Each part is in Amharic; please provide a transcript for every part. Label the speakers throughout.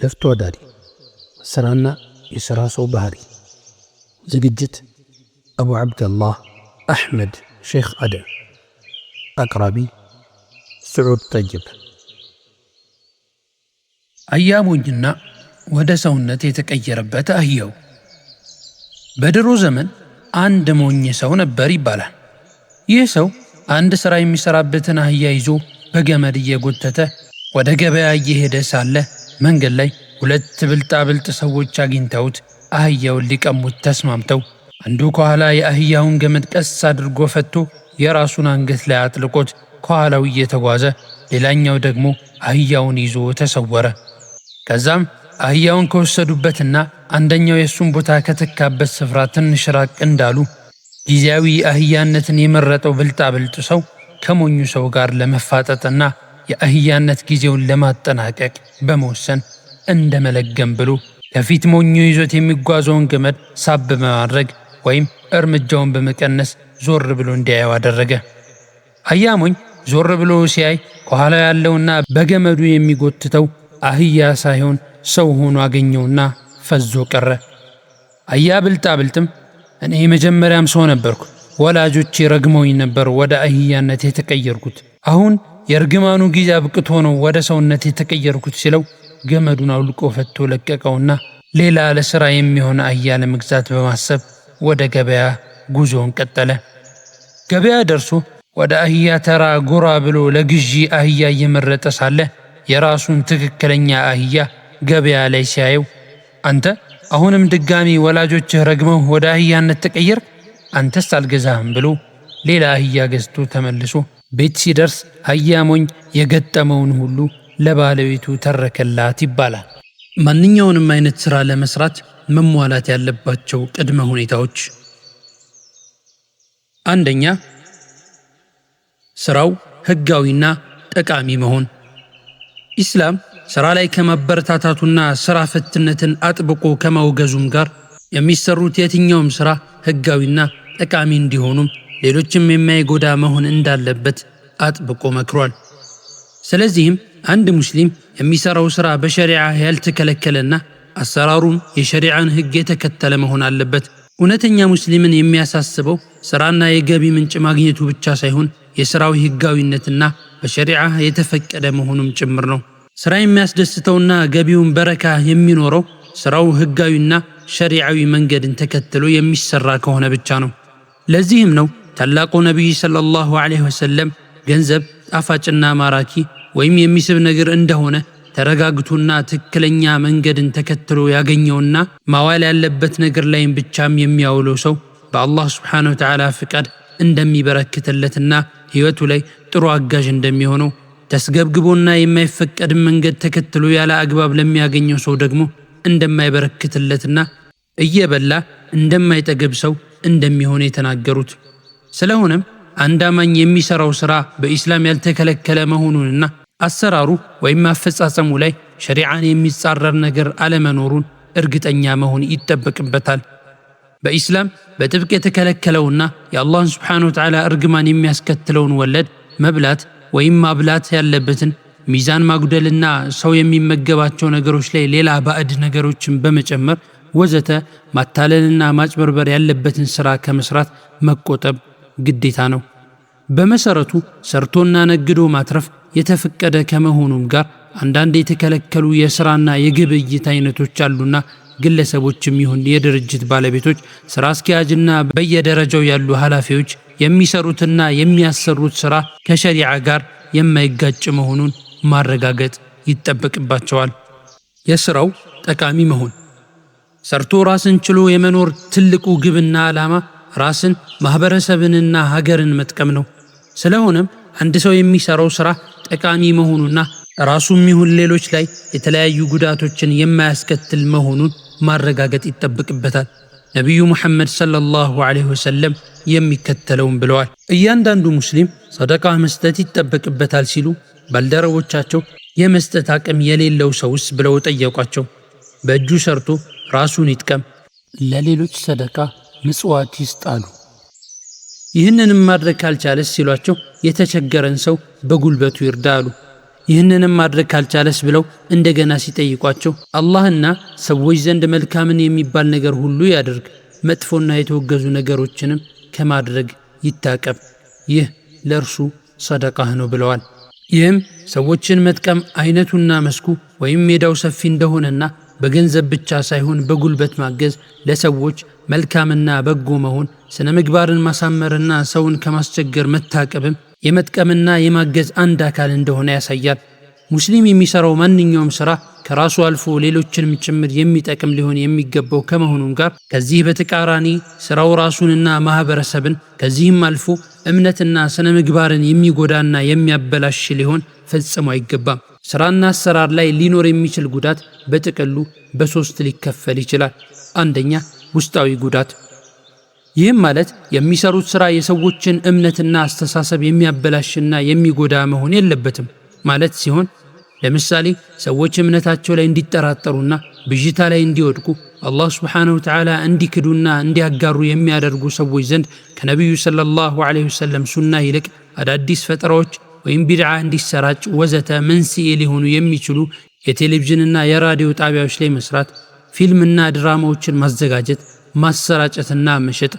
Speaker 1: ለፍቶ አዳሪ ስራና የሥራ ሰው ባህሪ ዝግጅት አቡ ዓብደላህ አሕመድ ሼክ አደ አቅራቢ ስዑድ ጠይብ
Speaker 2: አያሞኝና ወደ ሰውነት የተቀየረበት አህያው በድሮ ዘመን አንድ ሞኝ ሰው ነበር ይባላል። ይህ ሰው አንድ ሥራ የሚሠራበትን አህያ ይዞ በገመድ እየጎተተ ወደ ገበያ እየሄደ ሳለ መንገድ ላይ ሁለት ብልጣብልጥ ሰዎች አግኝተውት አህያውን ሊቀሙት ተስማምተው አንዱ ከኋላ የአህያውን ገመድ ቀስ አድርጎ ፈቶ የራሱን አንገት ላይ አጥልቆት ከኋላው እየተጓዘ ሌላኛው ደግሞ አህያውን ይዞ ተሰወረ። ከዛም አህያውን ከወሰዱበትና አንደኛው የእሱን ቦታ ከተካበት ስፍራ ትንሽ ራቅ እንዳሉ ጊዜያዊ አህያነትን የመረጠው ብልጣብልጥ ሰው ከሞኙ ሰው ጋር ለመፋጠጥና የአህያነት ጊዜውን ለማጠናቀቅ በመወሰን እንደ መለገም ብሎ ከፊት ሞኞ ይዞት የሚጓዘውን ገመድ ሳብ በማድረግ ወይም እርምጃውን በመቀነስ ዞር ብሎ እንዲያየው አደረገ። አህያ ሞኝ ዞር ብሎ ሲያይ ከኋላ ያለውና በገመዱ የሚጎትተው አህያ ሳይሆን ሰው ሆኖ አገኘውና ፈዞ ቀረ። አህያ ብልጣ ብልጥም እኔ መጀመሪያም ሰው ነበርኩ፣ ወላጆቼ ረግመውኝ ነበር ወደ አህያነት የተቀየርኩት። አሁን የእርግማኑ ጊዜ አብቅቶ ነው ወደ ሰውነት የተቀየርኩት ሲለው ገመዱን አውልቆ ፈቶ ለቀቀውና ሌላ ለሥራ የሚሆን አህያ ለመግዛት በማሰብ ወደ ገበያ ጉዞውን ቀጠለ። ገበያ ደርሶ ወደ አህያ ተራ ጎራ ብሎ ለግዢ አህያ እየመረጠ ሳለ የራሱን ትክክለኛ አህያ ገበያ ላይ ሲያየው አንተ አሁንም ድጋሚ ወላጆችህ ረግመው ወደ አህያነት ተቀየር፣ አንተስ አልገዛህም ብሎ ሌላ አህያ ገዝቶ ተመልሶ ቤት ሲደርስ ሀያሞኝ የገጠመውን ሁሉ ለባለቤቱ ተረከላት ይባላል። ማንኛውንም አይነት ሥራ ለመስራት መሟላት ያለባቸው ቅድመ ሁኔታዎች፣ አንደኛ ሥራው ሕጋዊና ጠቃሚ መሆን። ኢስላም ሥራ ላይ ከማበረታታቱና ሥራ ፈትነትን አጥብቆ ከማውገዙም ጋር የሚሰሩት የትኛውም ሥራ ሕጋዊና ጠቃሚ እንዲሆኑም ሌሎችም የማይጎዳ መሆን እንዳለበት አጥብቆ መክሯል። ስለዚህም አንድ ሙስሊም የሚሰራው ሥራ በሸሪዓ ያልተከለከለና አሰራሩም የሸሪዓን ሕግ የተከተለ መሆን አለበት። እውነተኛ ሙስሊምን የሚያሳስበው ሥራና የገቢ ምንጭ ማግኘቱ ብቻ ሳይሆን የሥራው ሕጋዊነትና በሸሪዓ የተፈቀደ መሆኑም ጭምር ነው። ሥራ የሚያስደስተውና ገቢውን በረካ የሚኖረው ሥራው ሕጋዊና ሸሪዓዊ መንገድን ተከትሎ የሚሰራ ከሆነ ብቻ ነው። ለዚህም ነው ታላቁ ነቢይ ሰለላሁ ዐለይሂ ወሰለም ገንዘብ ጣፋጭና ማራኪ ወይም የሚስብ ነገር እንደሆነ ተረጋግቶና ትክክለኛ መንገድን ተከትሎ ያገኘውና ማዋል ያለበት ነገር ላይም ብቻም የሚያውለው ሰው በአላህ ስብሓነሁ ወተዓላ ፍቃድ እንደሚበረክትለትና ሕይወቱ ላይ ጥሩ አጋዥ እንደሚሆነው ተስገብግቦና የማይፈቀድን መንገድ ተከትሎ ያለ አግባብ ለሚያገኘው ሰው ደግሞ እንደማይበረክትለትና እየበላ እንደማይጠግብ ሰው እንደሚሆን የተናገሩት ስለሆነም አንድ አማኝ የሚሰራው ሥራ በኢስላም ያልተከለከለ መሆኑንና አሰራሩ ወይም አፈጻጸሙ ላይ ሸሪዓን የሚጻረር ነገር አለመኖሩን እርግጠኛ መሆን ይጠበቅበታል። በኢስላም በጥብቅ የተከለከለውና የአላህን ስብሓነ ወተዓላ እርግማን የሚያስከትለውን ወለድ መብላት ወይም ማብላት ያለበትን ሚዛን ማጉደልና ሰው የሚመገባቸው ነገሮች ላይ ሌላ ባዕድ ነገሮችን በመጨመር ወዘተ ማታለልና ማጭበርበር ያለበትን ሥራ ከመስራት መቆጠብ ግዴታ ነው። በመሰረቱ ሰርቶና ነግዶ ማትረፍ የተፈቀደ ከመሆኑም ጋር አንዳንድ የተከለከሉ የስራና የግብይት አይነቶች አሉና ግለሰቦችም ይሁን የድርጅት ባለቤቶች ስራ አስኪያጅና በየደረጃው ያሉ ኃላፊዎች የሚሰሩትና የሚያሰሩት ስራ ከሸሪዓ ጋር የማይጋጭ መሆኑን ማረጋገጥ ይጠበቅባቸዋል። የስራው ጠቃሚ መሆን ሰርቶ ራስን ችሎ የመኖር ትልቁ ግብና ዓላማ ራስን ማኅበረሰብንና ሀገርን መጥቀም ነው። ስለሆነም አንድ ሰው የሚሰራው ሥራ ጠቃሚ መሆኑና ራሱም ይሁን ሌሎች ላይ የተለያዩ ጉዳቶችን የማያስከትል መሆኑን ማረጋገጥ ይጠበቅበታል። ነቢዩ ሙሐመድ ሰለላሁ ዐለይሂ ወሰለም የሚከተለውን ብለዋል። እያንዳንዱ ሙስሊም ሰደቃ መስጠት ይጠበቅበታል ሲሉ ባልደረቦቻቸው የመስጠት አቅም የሌለው ሰውስ ብለው ጠየቋቸው። በእጁ ሰርቶ ራሱን ይጥቀም፣
Speaker 3: ለሌሎች ሰደቃ ምጽዋት ይስጣሉ።
Speaker 2: ይህንንም ማድረግ ካልቻለስ ሲሏቸው የተቸገረን ሰው በጉልበቱ ይርዳ አሉ። ይህንንም ማድረግ ካልቻለስ ብለው እንደገና ሲጠይቋቸው አላህና ሰዎች ዘንድ መልካምን የሚባል ነገር ሁሉ ያደርግ፣ መጥፎና የተወገዙ ነገሮችንም ከማድረግ ይታቀብ፣ ይህ ለእርሱ ሰደቃህ ነው ብለዋል። ይህም ሰዎችን መጥቀም አይነቱና መስኩ ወይም ሜዳው ሰፊ እንደሆነና በገንዘብ ብቻ ሳይሆን በጉልበት ማገዝ ለሰዎች መልካምና በጎ መሆን፣ ስነ ምግባርን ማሳመርና ሰውን ከማስቸገር መታቀብም የመጥቀምና የማገዝ አንድ አካል እንደሆነ ያሳያል። ሙስሊም የሚሰራው ማንኛውም ስራ ከራሱ አልፎ ሌሎችንም ጭምር የሚጠቅም ሊሆን የሚገባው ከመሆኑም ጋር ከዚህ በተቃራኒ ስራው ራሱንና ማህበረሰብን ከዚህም አልፎ እምነትና ስነ ምግባርን የሚጎዳና የሚያበላሽ ሊሆን ፈጽሞ አይገባም። ስራና አሰራር ላይ ሊኖር የሚችል ጉዳት በጥቅሉ በሶስት ሊከፈል ይችላል። አንደኛ ውስጣዊ ጉዳት። ይህም ማለት የሚሰሩት ሥራ የሰዎችን እምነትና አስተሳሰብ የሚያበላሽና የሚጎዳ መሆን የለበትም ማለት ሲሆን ለምሳሌ ሰዎች እምነታቸው ላይ እንዲጠራጠሩና ብዥታ ላይ እንዲወድቁ አላህ ስብሓንሁ ወተዓላ እንዲክዱና እንዲያጋሩ የሚያደርጉ ሰዎች ዘንድ ከነቢዩ ሰለላሁ ዐለይሂ ወሰለም ሱና ይልቅ አዳዲስ ፈጠራዎች ወይም ቢድዓ እንዲሰራጭ ወዘተ መንስኤ ሊሆኑ የሚችሉ የቴሌቪዥንና የራዲዮ ጣቢያዎች ላይ መስራት ፊልምና ድራማዎችን ማዘጋጀት፣ ማሰራጨትና መሸጥ፣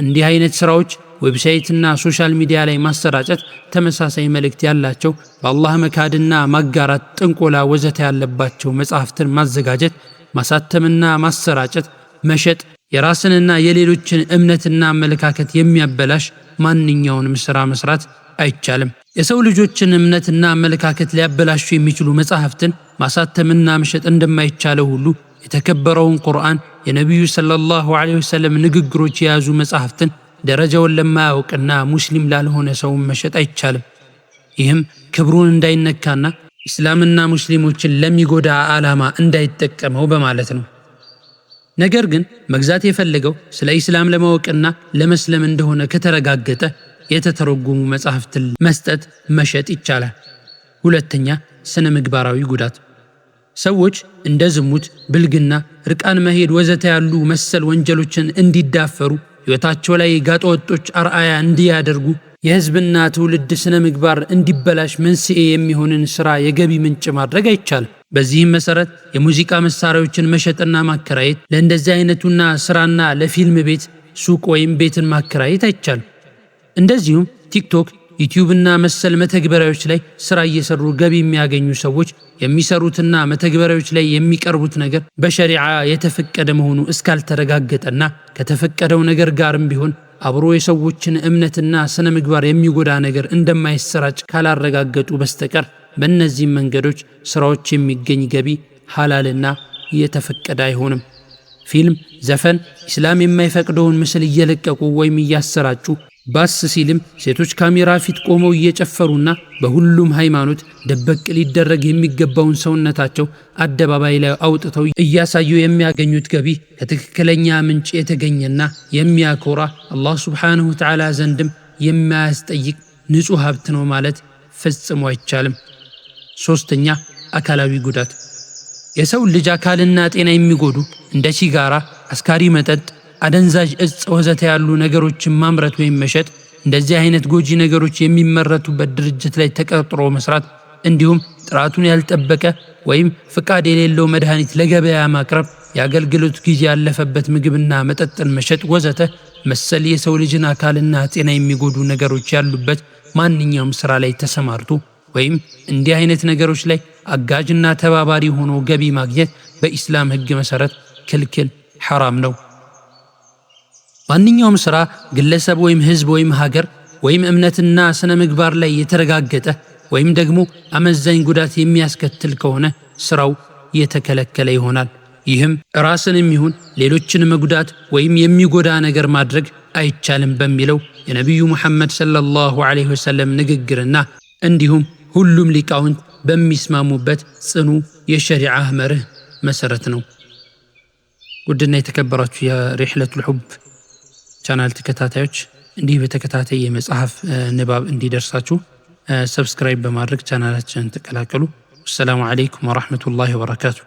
Speaker 2: እንዲህ አይነት ስራዎች ዌብሳይትና ሶሻል ሚዲያ ላይ ማሰራጨት ተመሳሳይ መልእክት ያላቸው በአላህ መካድና ማጋራት፣ ጥንቆላ ወዘተ ያለባቸው መጽሐፍትን ማዘጋጀት፣ ማሳተምና ማሰራጨት፣ መሸጥ የራስንና የሌሎችን እምነትና አመለካከት የሚያበላሽ ማንኛውንም ስራ መስራት አይቻልም። የሰው ልጆችን እምነትና አመለካከት ሊያበላሹ የሚችሉ መጽሐፍትን ማሳተምና መሸጥ እንደማይቻለው ሁሉ የተከበረውን ቁርአን የነቢዩ ሰለላሁ ዐለይሂ ወሰለም ንግግሮች የያዙ መጽሐፍትን ደረጃውን ለማያውቅና ሙስሊም ላልሆነ ሰውን መሸጥ አይቻልም። ይህም ክብሩን እንዳይነካና እስላምና ሙስሊሞችን ለሚጎዳ ዓላማ እንዳይጠቀመው በማለት ነው። ነገር ግን መግዛት የፈለገው ስለ ኢስላም ለማወቅና ለመስለም እንደሆነ ከተረጋገጠ የተተረጎሙ መጽሐፍትን መስጠት መሸጥ ይቻላል። ሁለተኛ ስነ ምግባራዊ ጉዳት ሰዎች እንደ ዝሙት፣ ብልግና፣ ርቃን መሄድ ወዘተ ያሉ መሰል ወንጀሎችን እንዲዳፈሩ ሕይወታቸው ላይ ጋጠወጦች አርአያ እንዲያደርጉ የሕዝብና ትውልድ ስነ ምግባር እንዲበላሽ መንስኤ የሚሆንን ሥራ የገቢ ምንጭ ማድረግ አይቻልም። በዚህም መሰረት የሙዚቃ መሳሪያዎችን መሸጥና ማከራየት፣ ለእንደዚህ አይነቱና ሥራና ለፊልም ቤት ሱቅ ወይም ቤትን ማከራየት አይቻልም። እንደዚሁም ቲክቶክ ዩቲዩብና መሰል መተግበሪያዎች ላይ ስራ እየሰሩ ገቢ የሚያገኙ ሰዎች የሚሰሩትና መተግበሪያዎች ላይ የሚቀርቡት ነገር በሸሪዓ የተፈቀደ መሆኑ እስካልተረጋገጠና ከተፈቀደው ነገር ጋርም ቢሆን አብሮ የሰዎችን እምነትና ስነ ምግባር የሚጎዳ ነገር እንደማይሰራጭ ካላረጋገጡ በስተቀር በእነዚህም መንገዶች ስራዎች የሚገኝ ገቢ ሐላልና የተፈቀደ አይሆንም። ፊልም፣ ዘፈን፣ ኢስላም የማይፈቅደውን ምስል እየለቀቁ ወይም እያሰራጩ ባስ ሲልም ሴቶች ካሜራ ፊት ቆመው እየጨፈሩና በሁሉም ሃይማኖት ደበቅ ሊደረግ የሚገባውን ሰውነታቸው አደባባይ ላይ አውጥተው እያሳዩ የሚያገኙት ገቢ ከትክክለኛ ምንጭ የተገኘና የሚያኮራ አላህ ሱብሓነሁ ወተዓላ ዘንድም የማያስጠይቅ ንጹሕ ሀብት ነው ማለት ፈጽሞ አይቻልም። ሶስተኛ አካላዊ ጉዳት የሰው ልጅ አካልና ጤና የሚጎዱ እንደ ሲጋራ፣ አስካሪ መጠጥ አደንዛዥ እጽ ወዘተ ያሉ ነገሮችን ማምረት ወይም መሸጥ፣ እንደዚህ አይነት ጎጂ ነገሮች የሚመረቱበት ድርጅት ላይ ተቀጥሮ መስራት፣ እንዲሁም ጥራቱን ያልጠበቀ ወይም ፍቃድ የሌለው መድኃኒት ለገበያ ማቅረብ፣ የአገልግሎት ጊዜ ያለፈበት ምግብና መጠጥን መሸጥ ወዘተ መሰል የሰው ልጅን አካልና ጤና የሚጎዱ ነገሮች ያሉበት ማንኛውም ስራ ላይ ተሰማርቶ ወይም እንዲህ አይነት ነገሮች ላይ አጋዥና ተባባሪ ሆኖ ገቢ ማግኘት በኢስላም ሕግ መሰረት ክልክል ሐራም ነው። ማንኛውም ሥራ ግለሰብ ወይም ሕዝብ ወይም ሀገር ወይም እምነትና ሥነ ምግባር ላይ የተረጋገጠ ወይም ደግሞ አመዛኝ ጉዳት የሚያስከትል ከሆነ ሥራው የተከለከለ ይሆናል። ይህም ራስንም ይሁን ሌሎችን መጉዳት ወይም የሚጎዳ ነገር ማድረግ አይቻልም በሚለው የነቢዩ ሙሐመድ ሰለላሁ ዐለይሂ ወሰለም ንግግርና እንዲሁም ሁሉም ሊቃውንት በሚስማሙበት ጽኑ የሸሪዓ መርህ መሰረት ነው። ውድና የተከበራችሁ የሪሕለቱል ሑብ ቻናል ተከታታዮች እንዲህ በተከታታይ የመጽሐፍ ንባብ እንዲደርሳችሁ ሰብስክራይብ በማድረግ ቻናላችንን ተቀላቀሉ። አሰላሙ አለይኩም ወራህመቱላሂ ወበረካቱ።